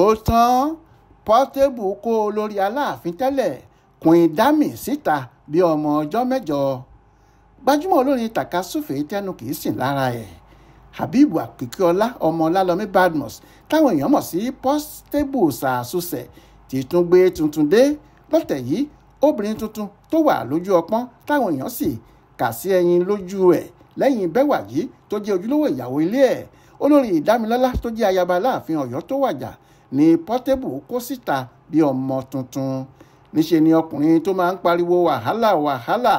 ó tán Portable kó olórí aláàfin tẹ́lẹ̀ Queen Dami síta bí ọmọ ọjọ́ mẹ́jọ gbajúmọ̀ olórin tàkasúfè tẹnu kì í sìn lára ẹ̀ Habeeb Akikiola ọmọ Ọlálọmí Badmus táwọn èèyàn mọ̀ sí Portable sàásùsẹ̀ ti tún gbé tuntun dé lọ́tẹ̀ yìí obìnrin tuntun tó wà lójú ọpọ́n táwọn èèyàn sì kà sí ẹyin lójú ẹ̀ lẹ́yìn Bẹ́wàjí tó jẹ́ ojúlówó ìyàwó ilé ẹ̀ olórin Ìdámilọ́lá tó jẹ́ ayaba Aláàfin Ọ̀yọ́ tó wàjà ní Portable kó síta bí ọmọ tuntun níṣe ni ọkùnrin tó máa ń pariwo wàhálà wàhálà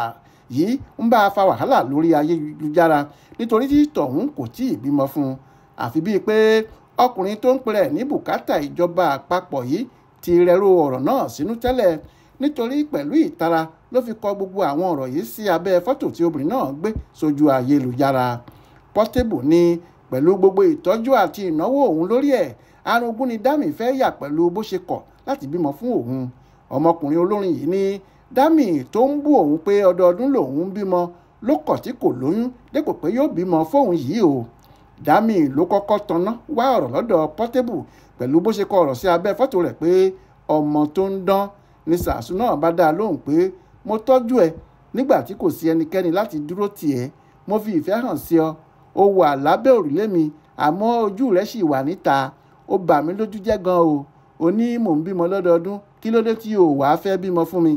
yìí ń bá a fa wàhálà lórí ayélujára nítorí tí tọ̀hún kò tí ì bímọ fún un àfi bíi pé ọkùnrin tó ń pèrè ní bùkátà ìjọba àpapọ̀ yìí ti rẹrú ọ̀rọ̀ náà sínú tẹ́lẹ̀ nítorí pẹ̀lú ìtara ló fi kọ gbogbo àwọn ọ̀rọ̀ yìí sí abẹ́ fọ́tò tí obìnrin náà gbé sójú ayélujára Portable ní pẹ̀lú gbogbo ìtọ́jú àti ìnáwó òun lórí ẹ̀ Arógún ni Dami fẹ́ yà pẹ̀lú bó ṣe kọ̀ láti bímọ fún òun ọmọkùnrin olórin yìí ní Dami tó ń bú òun pé ọdọọdún lòun bímọ ló kọ̀ tí kò lóyún dépò pé yóò bímọ fóun yìí o Dami ló kọ́kọ́ tanná wá ọ̀rọ̀ lọ́dọ̀ Portable pẹ̀lú bó ṣe kọ ọ̀rọ̀ sí abẹ́ fọ́tò rẹ̀ pé ọmọ tó ń dán ni Sàásù náà bá dá a lóhùn pé mo tọ́jú ẹ nígbà tí kò sí ẹnikẹ́ni láti dúró tì ẹ́ mo fi ìfẹ́ hàn sí ọ o wà lábẹ́ òrùlé mi àmọ́ ojú rẹ ṣì wà níta ó bà mí lójú jẹ́ gan o ò ní mò ń bímọ lọ́dọọdún kí ló dé tí o wàá fẹ́ bímọ fún mi.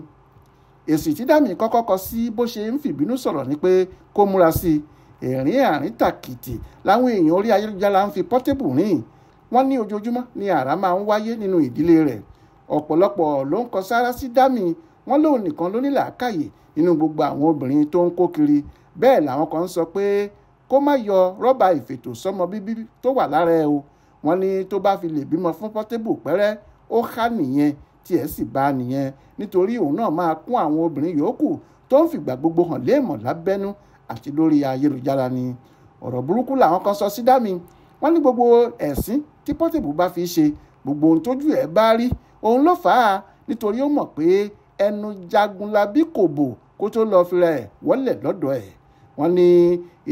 èsì tí dàmí kọ́kọ́ kọ sí bó ṣe ń fìbínú sọ̀rọ̀ ni pé kó múra sí i ẹ̀rín àrín tàkìtì láwọn èèyàn orí ayélujára ń fi pọ́tébù rìn wọ́n ní ojoojúmọ́ ni àrá máa ń wáyé nínú ìdílé rẹ̀ ọ̀pọ̀lọpọ̀ ló ń kọ sára sí dàmí wọ́n lóun nìkan ló ní làákàyè nínú gbogbo àwọn obìnrin tó ń kó kiri bẹ́ẹ̀ làwọn kan sọ pé kó má yọ rọ́bà ìfètò bíbí tó wà lára ẹ o wọ́n ní tó bá fi lè bímọ fún Portable pẹ́rẹ́ ó há nìyẹn tí ẹ sì bá nìyẹn nítorí òun náà máa kún àwọn obìnrin yòókù tó ń fìgbà gbogbo hàn léèmọ̀ lábẹ́nú àti lórí ayélujára ni ọ̀rọ̀ burúkú làwọn kan sọ sí dámi wọ́n ní gbogbo ẹ̀sìn tí Portable bá fi ṣe gbogbo ohun tójú ẹ̀ bá rí òun ló fà á nítorí ó mọ̀ pé ẹnu Jagunlabi kò bò kó tó lọ́ọ́ fi ra ẹ̀ wọ́lé lọ́dọ̀ ẹ̀ wọ́n ní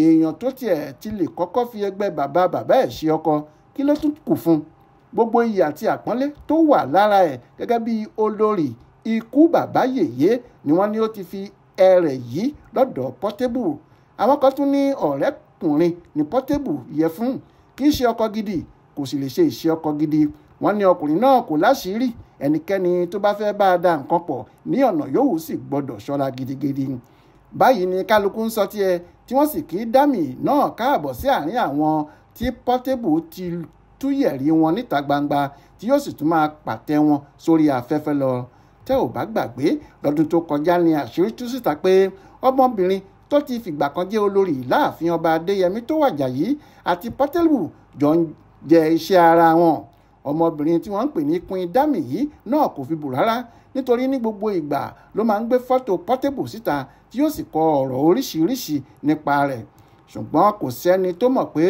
èèyàn tó tiẹ̀ ti lè kọ́kọ́ fi ẹgbẹ́ bàbá bàbá ẹ̀ ṣe ọkọ kí ló tún kù fún un gbogbo iyì àti àpọ́nlé tó wà lára ẹ̀ gẹ́gẹ́ bí olórí ikú bàbá yèyé ni wọ́n ní ó ti fi ẹrẹ̀ yìí lọ́dọ̀ Portable àwọn kan tún ní ọ̀rẹ́kùnrin ní Portable yẹ fún kì í ṣe ọkọ gidi kò sì lè ṣe ìṣe ọkọ gidi wọ́n ní ọkùnrin náà kò láṣìírí ẹnikẹ́ni tó bá fẹ́ bá a da nǹkan pọ̀ ní ọ̀nà yòówù sì gbọ́dọ̀ ṣọ́ra gidigidi báyìí ni kálukú ń sọ tiẹ̀ tí wọ́n sì kí dámì náà káàbọ̀ sí àárín àwọn tí Portable ti túyẹ̀rí wọn níta gbangba tí yóò sì tún máa pàtẹ wọn sórí afẹ́fẹ́ lọ tẹ́ ò bá gbàgbé lọ́dún tó kọjá ní àṣírí tú síta pé ọmọbìnrin tó ti fìgbà kan jẹ́ olórí láàfin ọba Adéyẹmí tó wàjà yìí àti Portable jọ ń jẹ iṣẹ́ ara wọn ọmọbìnrin tí wọ́n ń pè ní Queen Dami yìí náà kò fi bù rárá nítorí ní gbogbo ìgbà ló máa ń gbé fọ́tò Portable síta tí yóò sì kọ ọ̀rọ̀ oríṣiríṣi nípa rẹ̀ ṣùgbọ́n kò sẹ́ni tó mọ̀ pé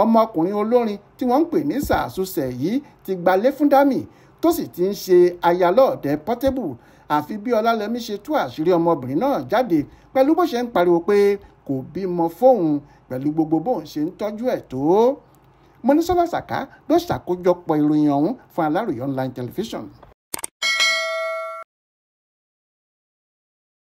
ọmọkùnrin olórin tí wọ́n ń pè ní sàásùsẹ̀ yìí ti gbalé fún Dami tó sì ti ń ṣe ayálọ́ọ̀dẹ Portable àfi bí Ọlálẹ́mí ṣe tú àṣírí ọmọbìnrin náà jáde pẹ̀lú bó ṣe ń pariwo pé kò bímọ fóun pẹ̀lú gbogbo bóun ṣe ń tọ́jú ẹ̀ tó. Monísọ́lá Sàká ló ṣàkójọpọ̀ ìròyìn ọ̀hún fún Aláròyé online television.